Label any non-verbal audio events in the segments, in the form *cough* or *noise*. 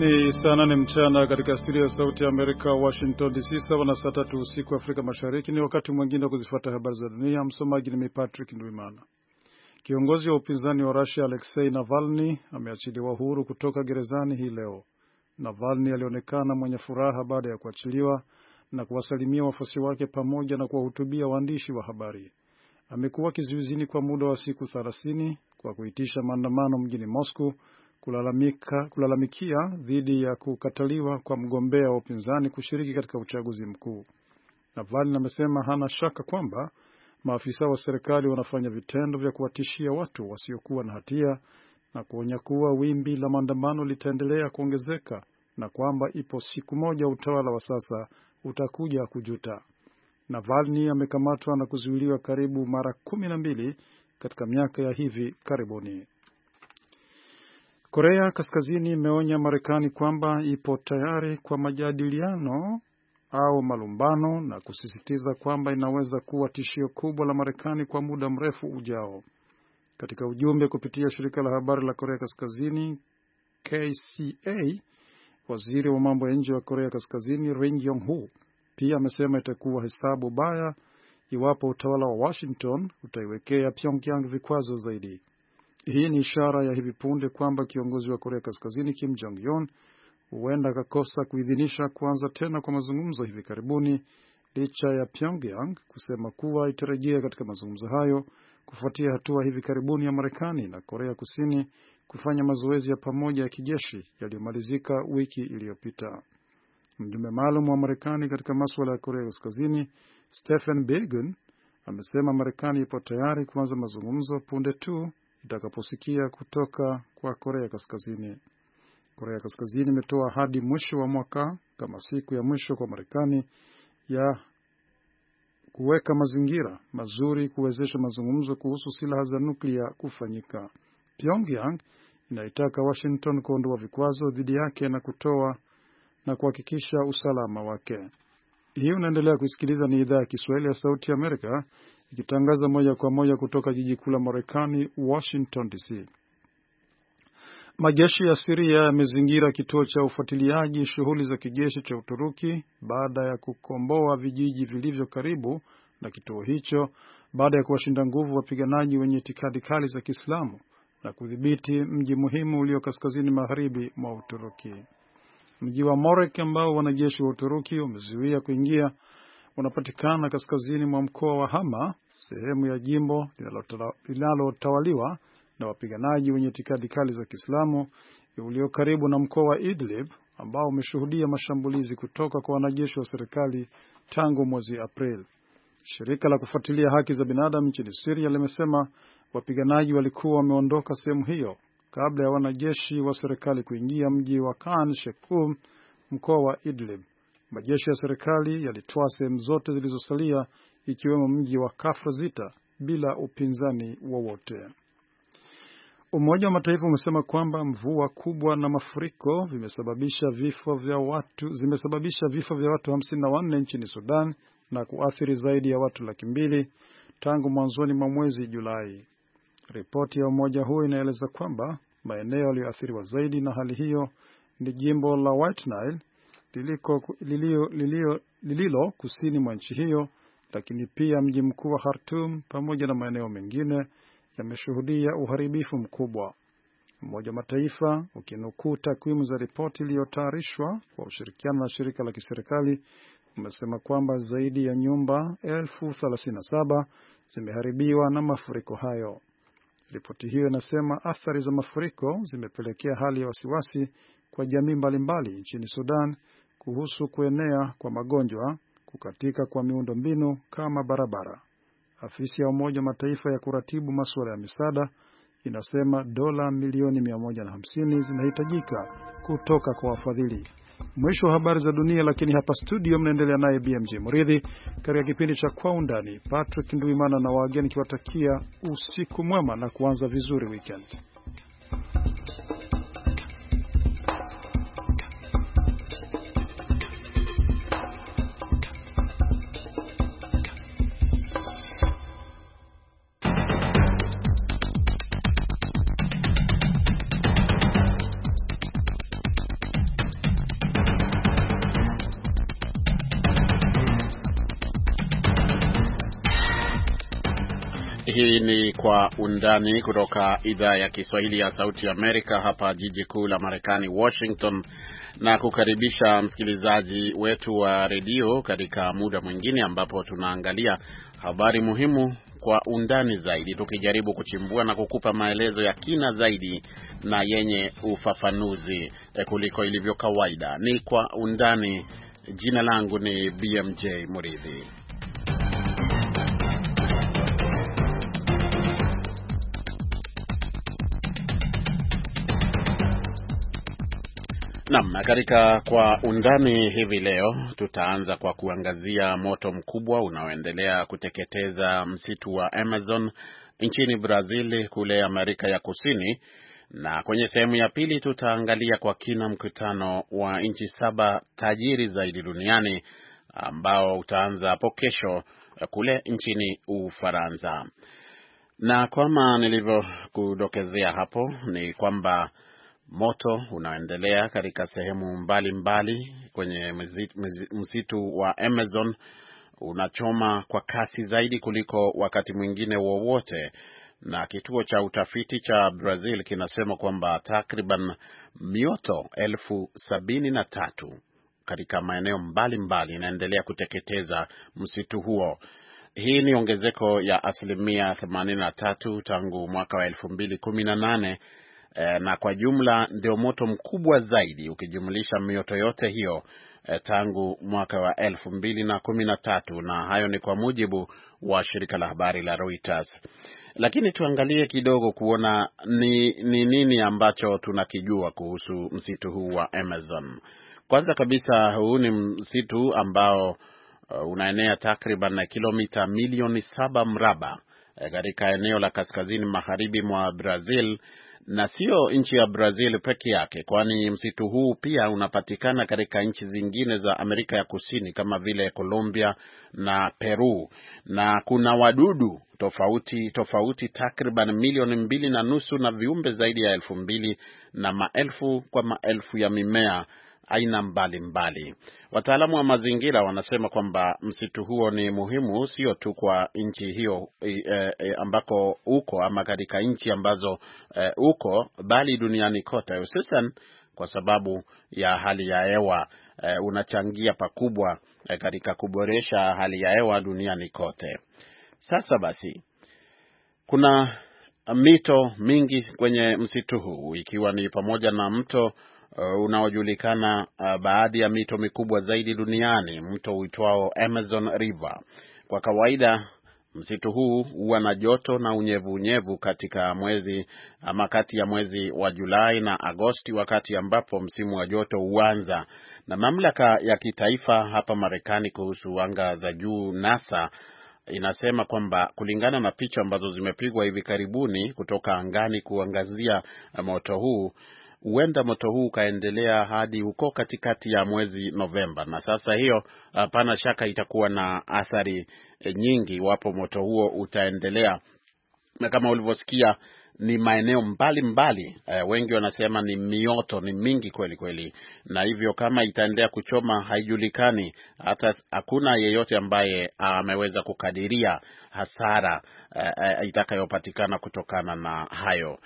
Ni saa nane mchana katika studio ya Sauti ya Amerika, Washington DC, sawa na saa tatu usiku Afrika Mashariki. Ni wakati mwingine wa kuzifuata habari za dunia. Msomaji ni mimi Patrick Ndwimana. Kiongozi wa upinzani wa Rusia Alexei Navalny ameachiliwa huru kutoka gerezani hii leo. Navalny alionekana mwenye furaha baada ya kuachiliwa na kuwasalimia wafuasi wake pamoja na kuwahutubia waandishi wa habari. Amekuwa kizuizini kwa muda wa siku 30 kwa kuitisha maandamano mjini Moscow kulalamika, kulalamikia dhidi ya kukataliwa kwa mgombea wa upinzani kushiriki katika uchaguzi mkuu. Navalny amesema hana shaka kwamba maafisa wa serikali wanafanya vitendo vya kuwatishia watu wasiokuwa na hatia na kuonya kuwa wimbi la maandamano litaendelea kuongezeka na kwamba ipo siku moja utawala wa sasa utakuja kujuta. Navalny amekamatwa na kuzuiliwa karibu mara kumi na mbili katika miaka ya hivi karibuni. Korea Kaskazini imeonya Marekani kwamba ipo tayari kwa majadiliano au malumbano na kusisitiza kwamba inaweza kuwa tishio kubwa la Marekani kwa muda mrefu ujao. Katika ujumbe kupitia shirika la habari la Korea Kaskazini KCA, waziri wa mambo ya nje wa Korea Kaskazini Ri Yong Ho pia amesema itakuwa hesabu baya iwapo utawala wa Washington utaiwekea Pyongyang vikwazo zaidi. Hii ni ishara ya hivi punde kwamba kiongozi wa Korea Kaskazini Kim Jong Un huenda akakosa kuidhinisha kuanza tena kwa mazungumzo hivi karibuni licha ya Pyongyang kusema kuwa itarejea katika mazungumzo hayo kufuatia hatua hivi karibuni ya Marekani na Korea Kusini kufanya mazoezi ya pamoja ya kijeshi yaliyomalizika wiki iliyopita. Mjumbe maalum wa Marekani katika maswala ya Korea Kaskazini Stephen Biegun amesema Marekani ipo tayari kuanza mazungumzo punde tu itakaposikia kutoka kwa Korea Kaskazini. Korea Kaskazini imetoa hadi mwisho wa mwaka kama siku ya mwisho kwa Marekani ya kuweka mazingira mazuri kuwezesha mazungumzo kuhusu silaha za nuklia kufanyika. Pyongyang inaitaka Washington kuondoa vikwazo dhidi yake na kutoa na kuhakikisha usalama wake. Hii unaendelea kusikiliza, ni idhaa ya Kiswahili ya Sauti ya Amerika ikitangaza moja kwa moja kutoka jiji kuu la Marekani, Washington DC. Majeshi ya Siria yamezingira kituo cha ufuatiliaji shughuli za kijeshi cha Uturuki baada ya kukomboa vijiji vilivyo karibu na kituo hicho baada ya kuwashinda nguvu wapiganaji wenye itikadi kali za Kiislamu na kudhibiti mji muhimu ulio kaskazini magharibi mwa Uturuki. Mji wa Morek ambao wanajeshi wa Uturuki wamezuia kuingia unapatikana kaskazini mwa mkoa wa Hama, sehemu ya jimbo linalotawaliwa na wapiganaji wenye itikadi kali za Kiislamu ulio karibu na mkoa wa Idlib ambao umeshuhudia mashambulizi kutoka kwa wanajeshi wa serikali tangu mwezi Aprili. Shirika la kufuatilia haki za binadamu nchini Siria limesema wapiganaji walikuwa wameondoka sehemu hiyo kabla ya wanajeshi wa serikali kuingia mji wa Khan Sheikhoun, mkoa wa Idlib. Majeshi ya serikali yalitoa sehemu zote zilizosalia ikiwemo mji wa Kafr Zita bila upinzani wowote. Umoja wa Mataifa umesema kwamba mvua kubwa na mafuriko vimesababisha vifo vya watu zimesababisha vifo vya watu 54 nchini Sudan na kuathiri zaidi ya watu laki mbili tangu mwanzoni mwa mwezi Julai. Ripoti ya umoja huo inaeleza kwamba maeneo yaliyoathiriwa zaidi na hali hiyo ni jimbo la White Nile liliko, lilio, lilio, lililo kusini mwa nchi hiyo, lakini pia mji mkuu wa Khartoum pamoja na maeneo mengine yameshuhudia uharibifu mkubwa. Umoja wa Mataifa ukinukuu takwimu za ripoti iliyotayarishwa kwa ushirikiano na shirika la kiserikali umesema kwamba zaidi ya nyumba elfu thelathini na saba zimeharibiwa na mafuriko hayo. Ripoti hiyo inasema athari za mafuriko zimepelekea hali ya wasiwasi kwa jamii mbalimbali nchini Sudan kuhusu kuenea kwa magonjwa, kukatika kwa miundo mbinu kama barabara. Afisi ya Umoja wa Mataifa ya kuratibu masuala ya misaada inasema dola milioni 150 zinahitajika kutoka kwa wafadhili. Mwisho wa habari za dunia, lakini hapa studio mnaendelea naye BMJ Muridhi katika kipindi cha Kwa Undani. Patrick Nduimana na wageni kiwatakia usiku mwema na kuanza vizuri weekend. undani kutoka idhaa ya Kiswahili ya Sauti Amerika hapa jiji kuu la Marekani, Washington, na kukaribisha msikilizaji wetu wa redio katika muda mwingine ambapo tunaangalia habari muhimu kwa undani zaidi, tukijaribu kuchimbua na kukupa maelezo ya kina zaidi na yenye ufafanuzi eh, kuliko ilivyo kawaida. Ni kwa undani. Jina langu ni BMJ Muridhi. Naam, katika kwa undani hivi leo tutaanza kwa kuangazia moto mkubwa unaoendelea kuteketeza msitu wa Amazon nchini Brazil kule Amerika ya Kusini, na kwenye sehemu ya pili tutaangalia kwa kina mkutano wa nchi saba tajiri zaidi duniani ambao utaanza hapo kesho kule nchini Ufaransa. Na kama nilivyokudokezea hapo ni kwamba Moto unaendelea katika sehemu mbalimbali mbali kwenye msitu wa Amazon unachoma kwa kasi zaidi kuliko wakati mwingine wowote, na kituo cha utafiti cha Brazil kinasema kwamba takriban mioto elfu sabini na tatu katika maeneo mbalimbali inaendelea kuteketeza msitu huo. Hii ni ongezeko ya asilimia 83 tangu mwaka wa 2018 e, na kwa jumla ndio moto mkubwa zaidi ukijumlisha mioto yote hiyo e, tangu mwaka wa elfu mbili na kumi na tatu na hayo ni kwa mujibu wa shirika la habari la Reuters. Lakini tuangalie kidogo kuona ni, ni nini ambacho tunakijua kuhusu msitu huu wa Amazon. Kwanza kabisa huu ni msitu ambao eh, unaenea takriban kilomita milioni saba mraba katika eneo la kaskazini magharibi mwa Brazil na sio nchi ya Brazil peke yake, kwani msitu huu pia unapatikana katika nchi zingine za Amerika ya Kusini kama vile Colombia na Peru, na kuna wadudu tofauti tofauti takriban milioni mbili na nusu na viumbe zaidi ya elfu mbili na maelfu kwa maelfu ya mimea aina mbalimbali. Wataalamu wa mazingira wanasema kwamba msitu huo ni muhimu sio tu kwa nchi hiyo e, e, ambako uko ama katika nchi ambazo e, uko bali duniani kote, hususan kwa sababu ya hali ya hewa e, unachangia pakubwa e, katika kuboresha hali ya hewa duniani kote. Sasa basi kuna mito mingi kwenye msitu huu ikiwa ni pamoja na mto uh, unaojulikana uh, baadhi ya mito mikubwa zaidi duniani, mto uitwao Amazon River. Kwa kawaida msitu huu huwa na joto na unyevunyevu katika mwezi ama kati ya mwezi wa Julai na Agosti, wakati ambapo msimu wa joto huanza. Na mamlaka ya kitaifa hapa Marekani kuhusu anga za juu NASA inasema kwamba kulingana na picha ambazo zimepigwa hivi karibuni kutoka angani kuangazia moto huu huenda moto huu ukaendelea hadi huko katikati ya mwezi Novemba, na sasa hiyo hapana shaka itakuwa na athari eh, nyingi iwapo moto huo utaendelea, na kama ulivyosikia ni maeneo mbalimbali mbali. E, wengi wanasema ni mioto ni mingi kweli kweli, na hivyo kama itaendelea kuchoma haijulikani. Hata hakuna yeyote ambaye ameweza kukadiria hasara e, e, itakayopatikana kutokana na hayo.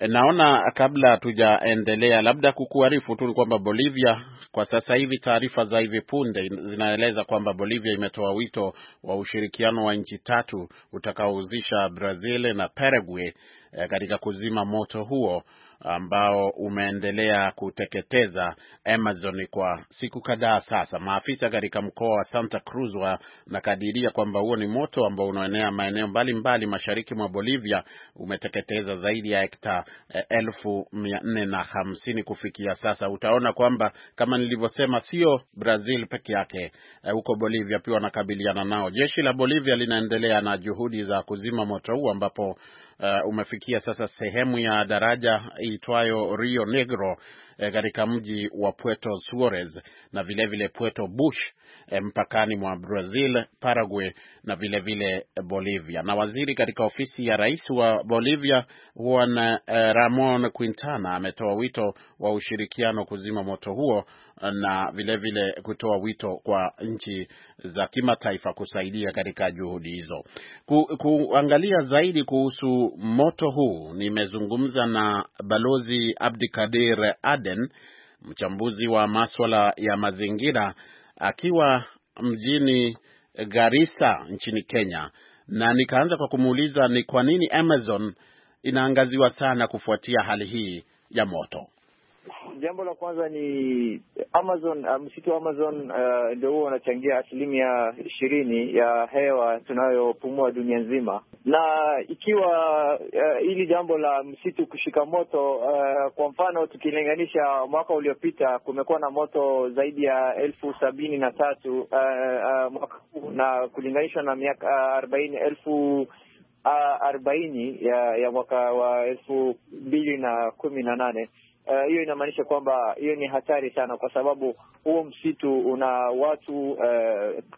Naona kabla tujaendelea, labda kukuarifu tu kwamba Bolivia kwa sasa hivi, taarifa za hivi punde zinaeleza kwamba Bolivia imetoa wito wa ushirikiano wa nchi tatu utakaohusisha Brazil na Paraguay eh, katika kuzima moto huo ambao umeendelea kuteketeza Amazon kwa siku kadhaa sasa. Maafisa katika mkoa wa Santa Cruz wanakadiria kwamba huo ni moto ambao unaenea maeneo mbalimbali mashariki mwa Bolivia, umeteketeza zaidi ya hekta eh, elfu mia nne na hamsini kufikia sasa. Utaona kwamba kama nilivyosema, sio Brazil peke yake, eh, huko Bolivia pia wanakabiliana nao. Jeshi la Bolivia linaendelea na juhudi za kuzima moto huu ambapo uh, umefikia sasa sehemu ya daraja iitwayo Rio Negro eh, katika mji wa Puerto Suarez na vilevile vile Puerto Bush Eh, mpakani mwa Brazil, Paraguay na vilevile vile Bolivia. Na waziri katika ofisi ya rais wa Bolivia Juan eh, Ramon Quintana ametoa wito wa ushirikiano kuzima moto huo eh, na vilevile vile kutoa wito kwa nchi za kimataifa kusaidia katika juhudi hizo. Ku, kuangalia zaidi kuhusu moto huu nimezungumza na Balozi Abdikadir Aden, mchambuzi wa maswala ya mazingira akiwa mjini Garissa nchini Kenya, na nikaanza kwa kumuuliza ni kwa nini Amazon inaangaziwa sana kufuatia hali hii ya moto. Jambo la kwanza ni Amazon, uh, msitu wa Amazon uh, ndio huo unachangia asilimia ishirini ya hewa tunayopumua dunia nzima, na ikiwa hili uh, jambo la msitu kushika moto uh, kwa mfano tukilinganisha mwaka uliopita kumekuwa na moto zaidi ya elfu sabini na tatu uh, uh, mwaka huu na kulinganishwa na miaka uh, arobaini elfu uh, arobaini ya, ya mwaka wa elfu mbili na kumi na nane Eh, hiyo uh, inamaanisha kwamba hiyo ni hatari sana, kwa sababu huo msitu una watu uh,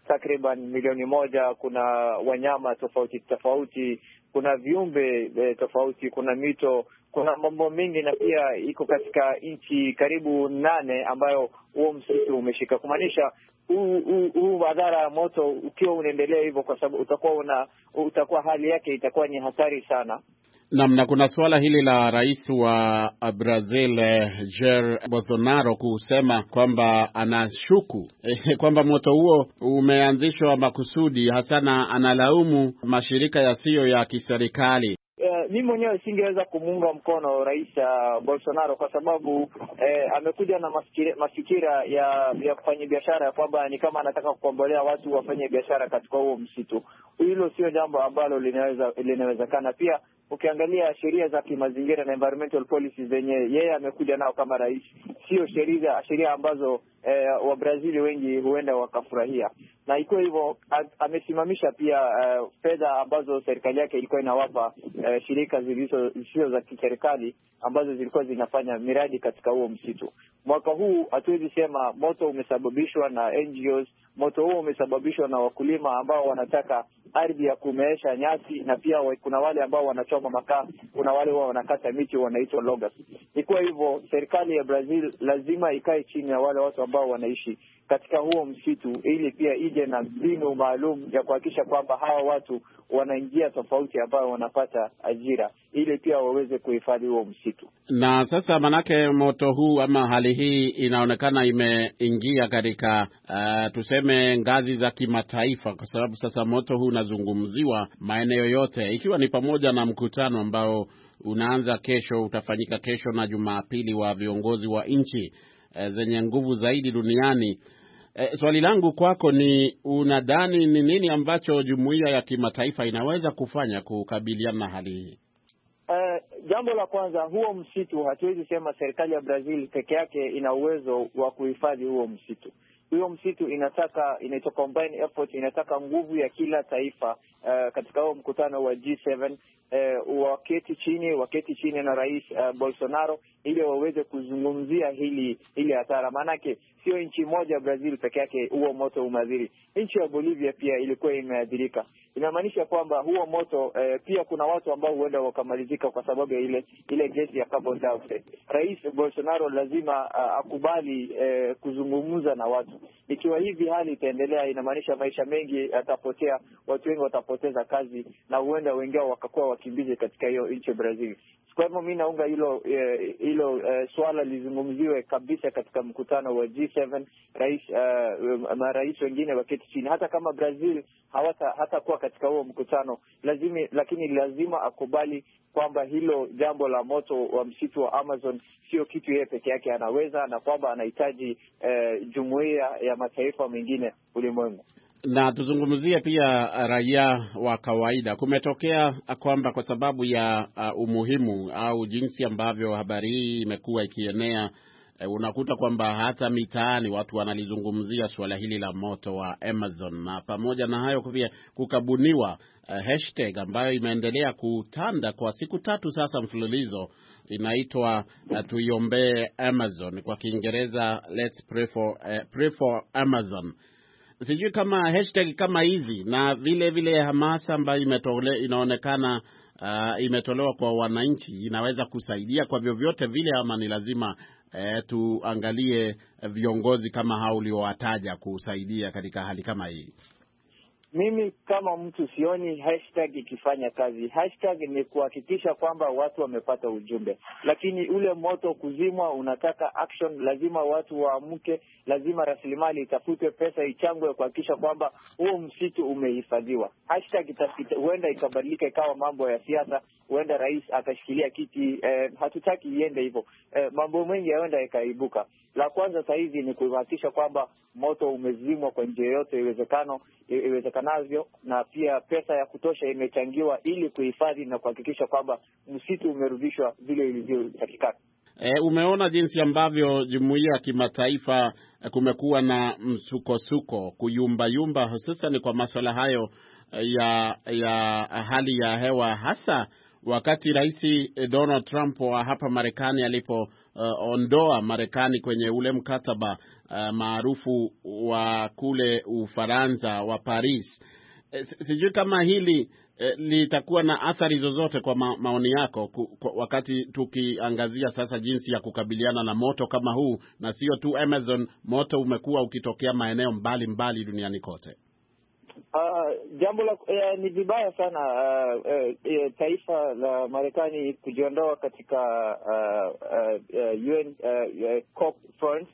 takriban milioni moja. Kuna wanyama tofauti tofauti, kuna viumbe uh, tofauti, kuna mito, kuna mambo mengi, na pia iko katika nchi karibu nane ambayo huo msitu umeshika, kumaanisha huu madhara ya moto ukiwa unaendelea hivyo, kwa sababu utakuwa una utakuwa hali yake itakuwa ni hatari sana. Namna kuna suala hili la rais wa Brazil eh, Jair Bolsonaro kusema kwamba anashuku eh, *laughs* kwamba moto huo umeanzishwa makusudi, hasa na analaumu mashirika yasiyo ya kiserikali mi mwenyewe singeweza kumuunga mkono Rais uh, Bolsonaro kwa sababu eh, amekuja na masikira mafikira ya ya kufanya biashara ya kwamba ni kama anataka kukombolea watu wafanye biashara katika huo msitu. Hilo sio jambo ambalo linaweza linawezekana. Pia ukiangalia sheria za kimazingira na environmental policies zenye yeye amekuja nao kama rais, sio sheria sheria ambazo eh, Wabrazili wengi huenda wakafurahia na ikiwa hivyo amesimamisha pia uh, fedha ambazo serikali yake ilikuwa inawapa uh, shirika zisizo za kiserikali ambazo zilikuwa zinafanya miradi katika huo msitu. Mwaka huu hatuwezi sema moto umesababishwa na NGOs. Moto huo umesababishwa na wakulima ambao wanataka ardhi ya kumeesha nyasi, na pia kuna wale ambao wanachoma makaa, kuna wale wao wanakata miti wanaitwa loggers. Ikiwa hivyo, serikali ya Brazil lazima ikae chini ya wale watu ambao wanaishi katika huo msitu, ili pia ije na mbinu maalum ya kuhakikisha kwamba hawa watu wanaingia tofauti ambayo wanapata ajira, ili pia waweze kuhifadhi huo msitu. Na sasa, manake moto huu ama hali hii inaonekana imeingia katika uh, tuseme ngazi za kimataifa, kwa sababu sasa moto huu unazungumziwa maeneo yote, ikiwa ni pamoja na mkutano ambao unaanza kesho, utafanyika kesho na Jumapili, wa viongozi wa nchi eh, zenye nguvu zaidi duniani E, swali langu kwako ni unadhani ni nini ambacho jumuiya ya kimataifa inaweza kufanya kukabiliana na hali hii? Uh, jambo la kwanza, huo msitu hatuwezi sema serikali ya Brazil peke yake ina uwezo wa kuhifadhi huo msitu. Huyo msitu inataka inaitwa combined effort, inataka nguvu ya kila taifa uh, katika huo mkutano wa G7 uh, eh, waketi chini waketi chini na rais uh, Bolsonaro ili waweze kuzungumzia hili hili hasara, maanake sio nchi moja Brazil peke yake huo moto umeathiri. Nchi ya Bolivia pia ilikuwa imeathirika. Inamaanisha kwamba huo moto uh, pia kuna watu ambao huenda wakamalizika kwa sababu ya ile ile gesi ya carbon dioxide. Rais Bolsonaro lazima uh, akubali uh, kuzungumza na watu. Ikiwa hivi hali itaendelea, inamaanisha maisha mengi yatapotea, watu wengi watapotea wakapoteza kazi na huenda wengi wao wakakuwa wakimbizi katika hiyo nchi ya Brazil. Kwa hivyo mi naunga hilo eh, hilo uh, uh, swala lizungumziwe kabisa katika mkutano wa G7, rais uh, marais wengine waketi chini, hata kama Brazil hawata hatakuwa katika huo mkutano lazimi, lakini lazima akubali kwamba hilo jambo la moto wa msitu wa Amazon sio kitu yeye peke yake anaweza, na kwamba anahitaji uh, jumuiya ya mataifa mengine ulimwengu na tuzungumzie pia uh, raia wa kawaida. Kumetokea uh, kwamba kwa sababu ya uh, umuhimu au jinsi ambavyo habari hii imekuwa ikienea uh, unakuta kwamba hata mitaani watu wanalizungumzia suala hili la moto wa Amazon, na pamoja na hayo pia kukabuniwa uh, hashtag ambayo imeendelea kutanda kwa siku tatu sasa mfululizo inaitwa uh, tuiombee Amazon, kwa Kiingereza let's pray for, uh, pray for Amazon sijui kama hashtag kama hizi na vile vile hamasa ambayo imetole, inaonekana uh, imetolewa kwa wananchi inaweza kusaidia kwa vyovyote vile, ama ni lazima uh, tuangalie viongozi kama hao uliowataja kusaidia katika hali kama hii? Mimi kama mtu sioni hashtag ikifanya kazi. Hashtag ni kuhakikisha kwamba watu wamepata ujumbe, lakini ule moto kuzimwa unataka action. Lazima watu waamke, lazima rasilimali itafutwe, pesa ichangwe kuhakikisha kwamba huu msitu umehifadhiwa. Hashtag huenda ikabadilika ikawa mambo ya siasa, huenda rais akashikilia kiti. Eh, hatutaki iende hivyo. Eh, mambo mengi yaenda ikaibuka. La kwanza sahizi ni kuhakikisha kwamba moto umezimwa kwa njia yote iwezekano iwezekana wanazo, na pia pesa ya kutosha imechangiwa ili kuhifadhi na kuhakikisha kwamba msitu umerudishwa vile ilivyotakikana. E, umeona jinsi ambavyo jumuiya ya kimataifa e, kumekuwa na msukosuko, kuyumbayumba, hususan kwa maswala hayo e, ya ya hali ya hewa, hasa wakati Rais Donald Trump wa hapa Marekani alipoondoa e, uh, Marekani kwenye ule mkataba Eh, maarufu wa kule Ufaransa wa Paris. Eh, sijui kama hili eh, litakuwa na athari zozote kwa ma, maoni yako ku, kwa, wakati tukiangazia sasa jinsi ya kukabiliana na moto kama huu, na sio tu Amazon, moto umekuwa ukitokea maeneo mbalimbali mbali duniani kote. Uh, jambo la uh, ni vibaya sana uh, uh, taifa la Marekani kujiondoa katika uh, uh, UN uh, COP France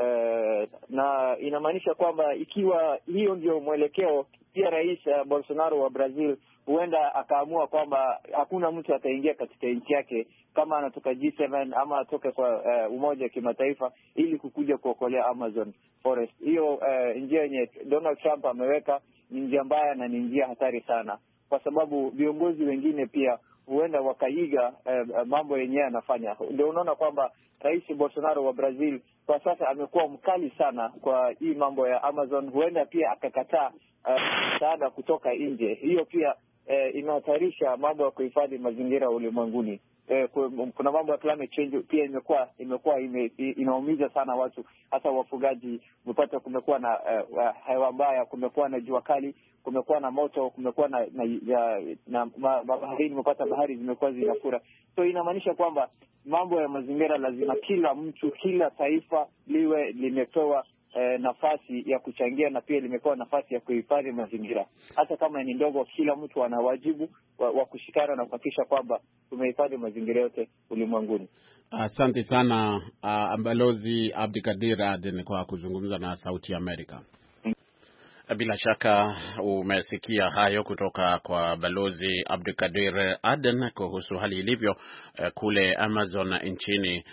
Eh, na inamaanisha kwamba ikiwa hiyo ndio mwelekeo pia Rais eh, Bolsonaro wa Brazil huenda akaamua kwamba hakuna mtu ataingia katika nchi yake kama anatoka G7 ama atoke kwa uh, umoja wa kimataifa ili kukuja kuokolea Amazon forest. Hiyo uh, njia yenye Donald Trump ameweka ni njia mbaya na ni njia hatari sana, kwa sababu viongozi wengine pia huenda wakaiga eh, eh, mambo yenyewe anafanya. Ndio unaona kwamba Rais Bolsonaro wa Brazil kwa sasa amekuwa mkali sana kwa hii mambo ya Amazon, huenda pia akakataa eh, msaada eh, kutoka nje. Hiyo pia eh, inahatarisha mambo ya kuhifadhi mazingira ulimwenguni. Eh, kuna mambo ya climate change pia imekuwa imekuwa ime, inaumiza sana watu, hasa wafugaji. Umepata kumekuwa na eh, hewa mbaya, kumekuwa na jua kali kumekuwa na moto, kumekuwa na na, ya, na ma, baharini umepata bahari zimekuwa zinafura. So inamaanisha kwamba mambo ya mazingira lazima kila mtu, kila taifa liwe limepewa eh, nafasi ya kuchangia na pia limepewa nafasi ya kuhifadhi mazingira, hata kama ni ndogo. Kila mtu ana wajibu wa, wa kushikana na kuhakikisha kwamba tumehifadhi mazingira yote ulimwenguni. Asante sana uh, Balozi Abdikadir Aden kwa kuzungumza na Sauti Amerika. Bila shaka umesikia hayo kutoka kwa balozi abdukadir Aden kuhusu hali ilivyo eh, kule Amazon nchini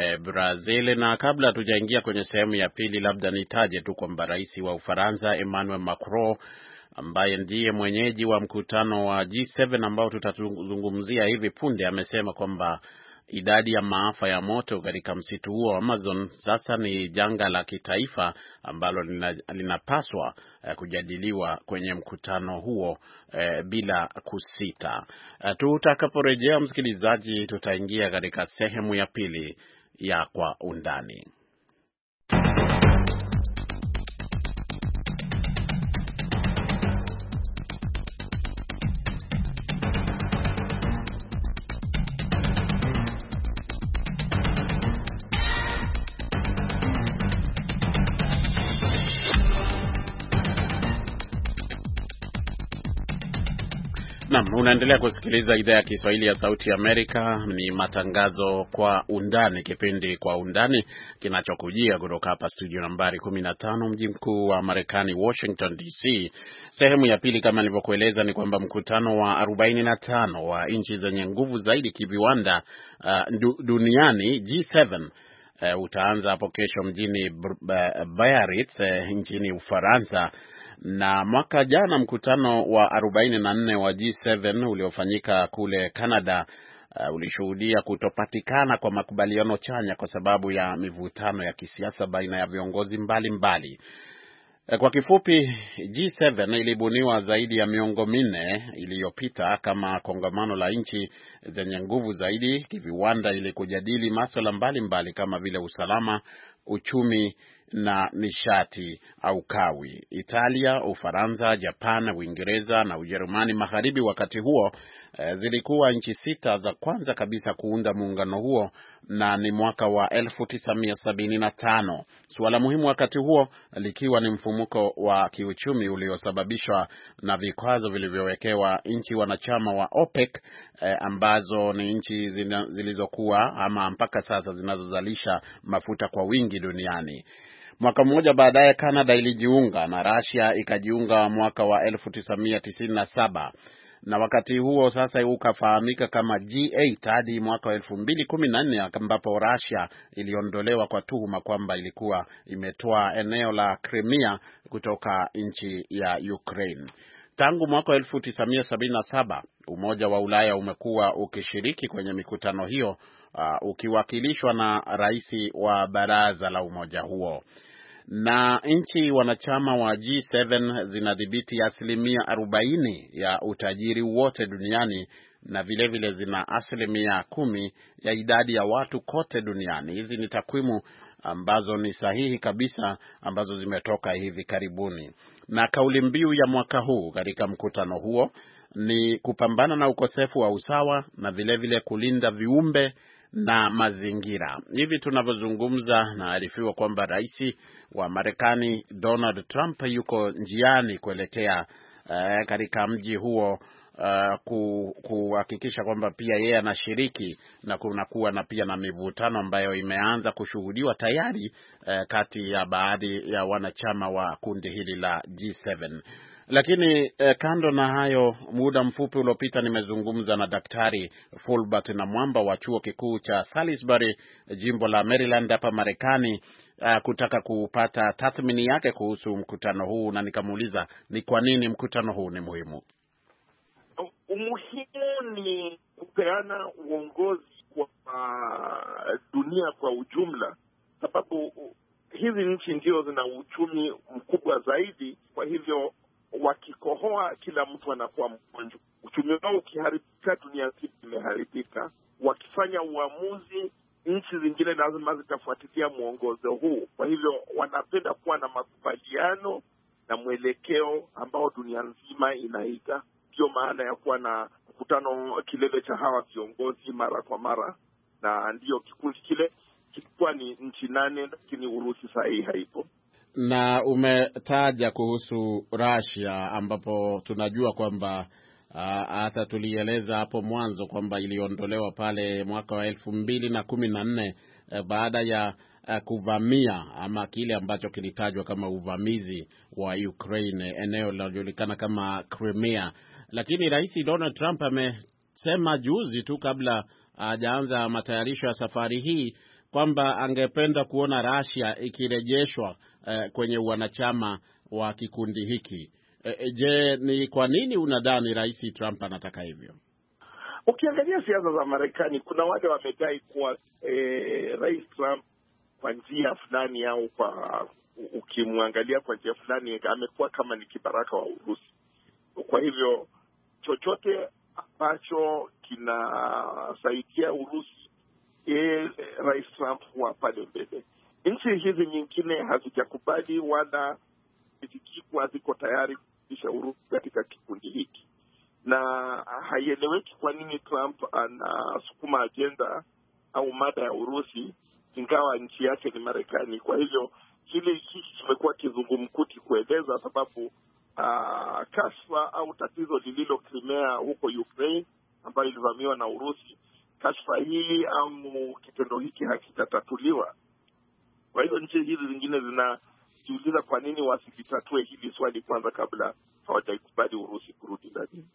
eh, Brazil. Na kabla hatujaingia kwenye sehemu ya pili, labda nitaje tu kwamba rais wa Ufaransa Emmanuel Macron ambaye ndiye mwenyeji wa mkutano wa G7 ambao tutazungumzia hivi punde amesema kwamba Idadi ya maafa ya moto katika msitu huo wa Amazon sasa ni janga la kitaifa ambalo linapaswa eh, kujadiliwa kwenye mkutano huo eh, bila kusita. Eh, tutakaporejea msikilizaji, tutaingia katika sehemu ya pili ya kwa undani. Naam, unaendelea kusikiliza idhaa ya Kiswahili ya Sauti Amerika. Ni matangazo kwa undani, kipindi kwa undani kinachokujia kutoka hapa studio nambari 15 mji mkuu wa Marekani, Washington DC. Sehemu ya pili, kama nilivyokueleza, ni kwamba mkutano wa 45 wa nchi zenye nguvu zaidi kiviwanda uh, duniani G7 Uh, utaanza hapo kesho mjini uh, Biarritz uh, nchini Ufaransa na mwaka jana mkutano wa 44 wa G7 uliofanyika kule Canada Uh, ulishuhudia kutopatikana kwa makubaliano chanya kwa sababu ya mivutano ya kisiasa baina ya viongozi mbalimbali mbali. Uh, kwa kifupi, G7 ilibuniwa zaidi ya miongo minne iliyopita kama kongamano la nchi zenye nguvu zaidi kiviwanda ili kujadili masuala mbalimbali kama vile usalama, uchumi na nishati au kawi. Italia, Ufaransa, Japan, Uingereza na Ujerumani Magharibi wakati huo e, zilikuwa nchi sita za kwanza kabisa kuunda muungano huo na ni mwaka wa 1975. Suala muhimu wakati huo likiwa ni mfumuko wa kiuchumi uliosababishwa na vikwazo vilivyowekewa nchi wanachama wa OPEC e, ambazo ni nchi zilizokuwa ama mpaka sasa zinazozalisha mafuta kwa wingi duniani. Mwaka mmoja baadaye Canada ilijiunga na Russia ikajiunga mwaka wa 1997 na wakati huo sasa ukafahamika kama G8 hadi mwaka wa 2014 ambapo Russia iliondolewa kwa tuhuma kwamba ilikuwa imetoa eneo la Crimea kutoka nchi ya Ukraine. Tangu mwaka 1977 Umoja wa Ulaya umekuwa ukishiriki kwenye mikutano hiyo uh, ukiwakilishwa na rais wa baraza la umoja huo na nchi wanachama wa G7 zinadhibiti asilimia 40 ya utajiri wote duniani na vilevile vile zina asilimia kumi ya idadi ya watu kote duniani. Hizi ni takwimu ambazo ni sahihi kabisa ambazo zimetoka hivi karibuni. Na kauli mbiu ya mwaka huu katika mkutano huo ni kupambana na ukosefu wa usawa na vilevile vile kulinda viumbe na mazingira. Hivi tunavyozungumza, naarifiwa kwamba rais wa Marekani Donald Trump yuko njiani kuelekea eh, katika mji huo uh, kuhakikisha kwamba pia yeye anashiriki na kunakuwa na pia na mivutano ambayo imeanza kushuhudiwa tayari uh, kati ya baadhi ya wanachama wa kundi hili la G7. Lakini eh, kando na hayo, muda mfupi uliopita nimezungumza na Daktari Fulbert na Mwamba wa chuo kikuu cha Salisbury, jimbo la Maryland hapa Marekani, eh, kutaka kupata tathmini yake kuhusu mkutano huu, na nikamuuliza ni kwa nini mkutano huu ni muhimu. Umuhimu ni kupeana uongozi kwa dunia kwa ujumla, sababu hizi nchi ndio zina uchumi mkubwa zaidi. Kwa hivyo wakikohoa, kila mtu anakuwa mgonjwa. Uchumi wao ukiharibika, dunia nzima imeharibika. Wakifanya uamuzi, nchi zingine lazima zitafuatilia mwongozo huu. Kwa hivyo wanapenda kuwa na makubaliano na mwelekeo ambao dunia nzima inaiga ndiyo maana ya kuwa na mkutano kilele cha hawa viongozi mara kwa mara, na ndiyo kikundi kile kilikuwa ni nchi nane, lakini Urusi sahihi haipo. Na umetaja kuhusu Russia ambapo tunajua kwamba hata tulieleza hapo mwanzo kwamba iliondolewa pale mwaka wa elfu mbili na kumi na nne e, baada ya e, kuvamia ama kile ambacho kilitajwa kama uvamizi wa Ukraine eneo linalojulikana kama Crimea lakini Rais Donald Trump amesema juzi tu kabla hajaanza matayarisho ya safari hii kwamba angependa kuona Russia ikirejeshwa eh, kwenye wanachama wa kikundi hiki. Eh, eh, je, ni kwa nini unadhani Rais Trump anataka hivyo? Ukiangalia siasa za Marekani, kuna wale wamedai kuwa eh, Rais Trump kwa njia fulani au kwa ukimwangalia kwa njia fulani amekuwa kama ni kibaraka wa Urusi. Kwa hivyo chochote ambacho kinasaidia Urusi, yeye Rais Trump huwa pale mbele. Nchi hizi nyingine hazijakubali wala zikikwa ziko tayari kuisha Urusi katika kikundi hiki, na haieleweki kwa nini Trump anasukuma ajenda au mada ya Urusi ingawa nchi yake ni Marekani. Kwa hivyo kili hiki kimekuwa kizungumkuti kueleza sababu uh, kashfa au tatizo lililo krimea huko Ukraine ambayo ilivamiwa na Urusi. Kashfa hili au kitendo hiki hakitatatuliwa. Kwa hiyo nchi hizi zingine zinajiuliza kwa nini wasilitatue hili swali kwanza kabla hawajaikubali Urusi kurudi ndani.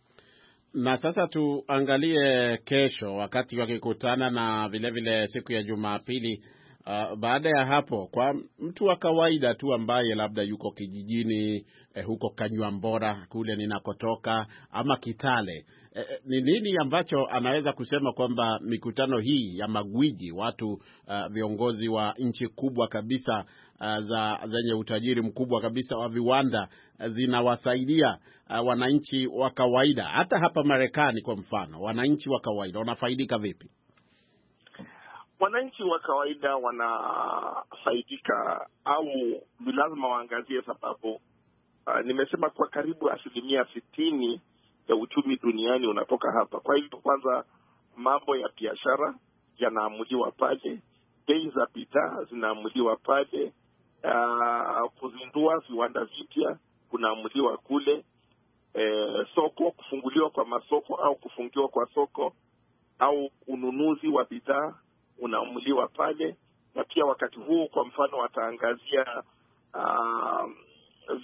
Na sasa tuangalie kesho, wakati wakikutana na vilevile vile siku ya Jumapili Uh, baada ya hapo kwa mtu wa kawaida tu ambaye labda yuko kijijini eh, huko mbora kule ninakotoka ama Kitale eh, eh, ni eh, nini ambacho anaweza kusema kwamba mikutano hii ya magwiji watu uh, viongozi wa nchi kubwa kabisa uh, za zenye utajiri mkubwa kabisa wa viwanda uh, zinawasaidia uh, wananchi wa kawaida hata hapa Marekani kwa mfano wananchi wa kawaida wanafaidika vipi? wananchi wa kawaida wanafaidika au ni lazima waangazie, sababu uh, nimesema kwa karibu asilimia sitini ya uchumi duniani unatoka hapa. Kwa hivyo, kwanza mambo ya biashara yanaamuliwa pale, bei za bidhaa zinaamuliwa pale, uh, kuzindua viwanda vipya kunaamuliwa kule, eh, soko kufunguliwa kwa masoko au kufungiwa kwa soko au ununuzi wa bidhaa unaamuliwa pale, na pia wakati huu kwa mfano wataangazia uh,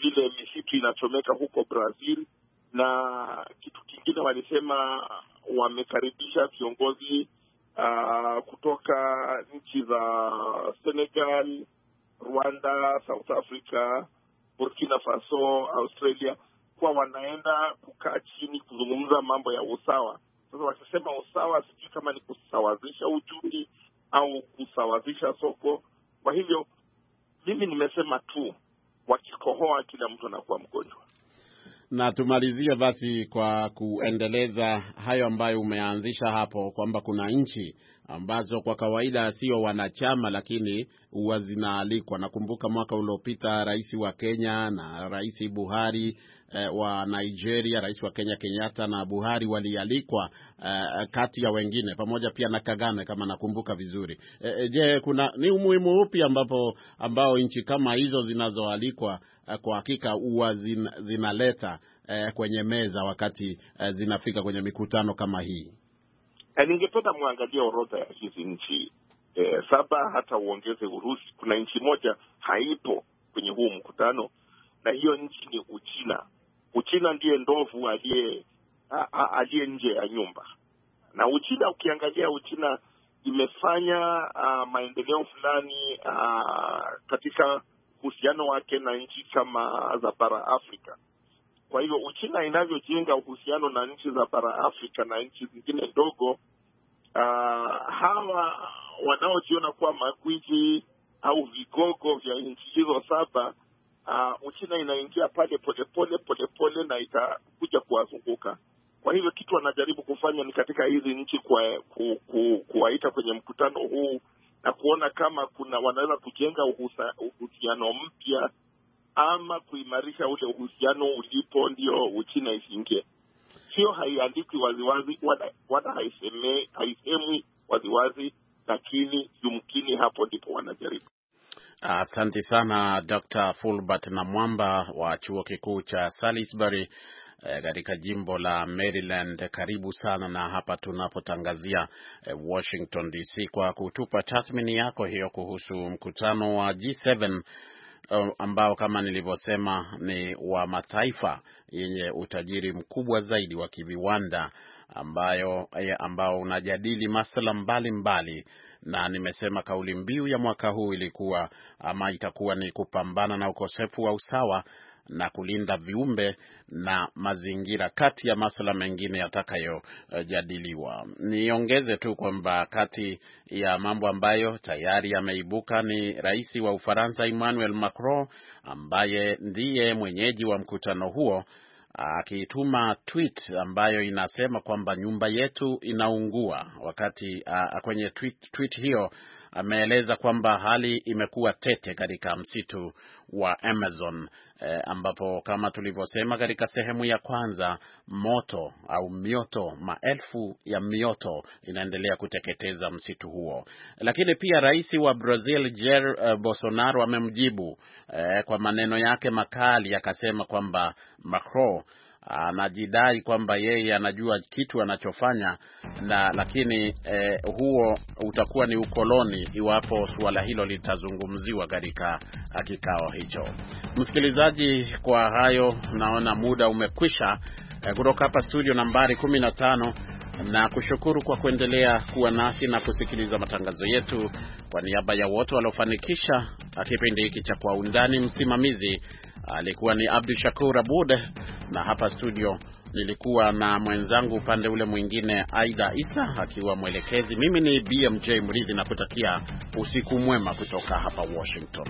vile misitu inachomeka huko Brazil, na kitu kingine walisema wamekaribisha viongozi uh, kutoka nchi za Senegal, Rwanda, South Africa, Burkina Faso, Australia kuwa wanaenda kukaa chini kuzungumza mambo ya usawa. Sasa wakisema usawa, sijui kama ni kusawazisha uchumi au kusawazisha soko. Kwa hivyo mimi nimesema tu wakikohoa, kila mtu anakuwa mgonjwa. Na tumalizie basi kwa kuendeleza hayo ambayo umeanzisha hapo kwamba kuna nchi ambazo kwa kawaida sio wanachama, lakini huwa zinaalikwa. Nakumbuka mwaka uliopita rais wa Kenya na rais Buhari eh, wa Nigeria, rais wa Kenya Kenyatta na Buhari walialikwa eh, kati ya wengine, pamoja pia na Kagame kama nakumbuka vizuri. Eh, eh, je, kuna ni umuhimu upi ambapo ambao nchi kama hizo zinazoalikwa eh, kwa hakika huwa zin, zinaleta eh, kwenye meza wakati eh, zinafika kwenye mikutano kama hii? Eh, ningependa mwangalie orodha ya hizi nchi eh, saba, hata uongeze Urusi. Kuna nchi moja haipo kwenye huu mkutano, na hiyo nchi ni Uchina. Uchina ndiye ndovu aliye aliye nje ya nyumba. Na Uchina, ukiangalia Uchina imefanya uh, maendeleo fulani uh, katika uhusiano wake na nchi kama za bara Afrika. Kwa hivyo Uchina inavyojenga uhusiano na nchi za bara Afrika na nchi zingine ndogo, uh, hawa wanaojiona kuwa magwiji au vigogo vya nchi hizo saba uh, ah, Uchina inaingia pale polepole polepole pole, na itakuja kuwazunguka. Kwa hivyo kitu wanajaribu kufanya ni katika hizi nchi kuwaita ku, ku, kuwaita kwenye mkutano huu na kuona kama kuna wanaweza kujenga uhusiano mpya ama kuimarisha ule uhusiano ulipo, ndio Uchina isiingie. Sio, haiandikwi waziwazi wala, wala haisemwi waziwazi, lakini yumkini hapo ndipo wanajaribu. Asante sana Dr. Fulbert na Mwamba wa chuo kikuu cha Salisbury eh, katika e, jimbo la Maryland. Karibu sana na hapa tunapotangazia e, Washington DC, kwa kutupa tathmini yako hiyo kuhusu mkutano wa G7 eh, ambao kama nilivyosema ni wa mataifa yenye utajiri mkubwa zaidi wa kiviwanda ambayo, eh, ambao unajadili masuala mbalimbali, na nimesema kauli mbiu ya mwaka huu ilikuwa ama itakuwa ni kupambana na ukosefu wa usawa na kulinda viumbe na mazingira kati ya masuala mengine yatakayojadiliwa. Niongeze tu kwamba kati ya mambo ambayo tayari yameibuka ni rais wa Ufaransa Emmanuel Macron ambaye ndiye mwenyeji wa mkutano huo akituma tweet ambayo inasema kwamba nyumba yetu inaungua. Wakati a, kwenye tweet, tweet hiyo ameeleza kwamba hali imekuwa tete katika msitu wa Amazon e, ambapo kama tulivyosema katika sehemu ya kwanza, moto au mioto, maelfu ya mioto inaendelea kuteketeza msitu huo. Lakini pia rais wa Brazil Jair eh, Bolsonaro amemjibu e, kwa maneno yake makali, akasema kwamba Macron anajidai kwamba yeye anajua kitu anachofanya na lakini eh, huo utakuwa ni ukoloni iwapo suala hilo litazungumziwa katika ah, kikao hicho. Msikilizaji, kwa hayo naona muda umekwisha eh, kutoka hapa studio nambari 15 na kushukuru kwa kuendelea kuwa nasi na kusikiliza matangazo yetu. Kwa niaba ya wote waliofanikisha ah, kipindi hiki cha Kwa Undani, msimamizi alikuwa ni Abdu Shakur Abud, na hapa studio nilikuwa na mwenzangu upande ule mwingine Aida Isa akiwa mwelekezi. Mimi ni BMJ Mridhi na kutakia usiku mwema kutoka hapa Washington.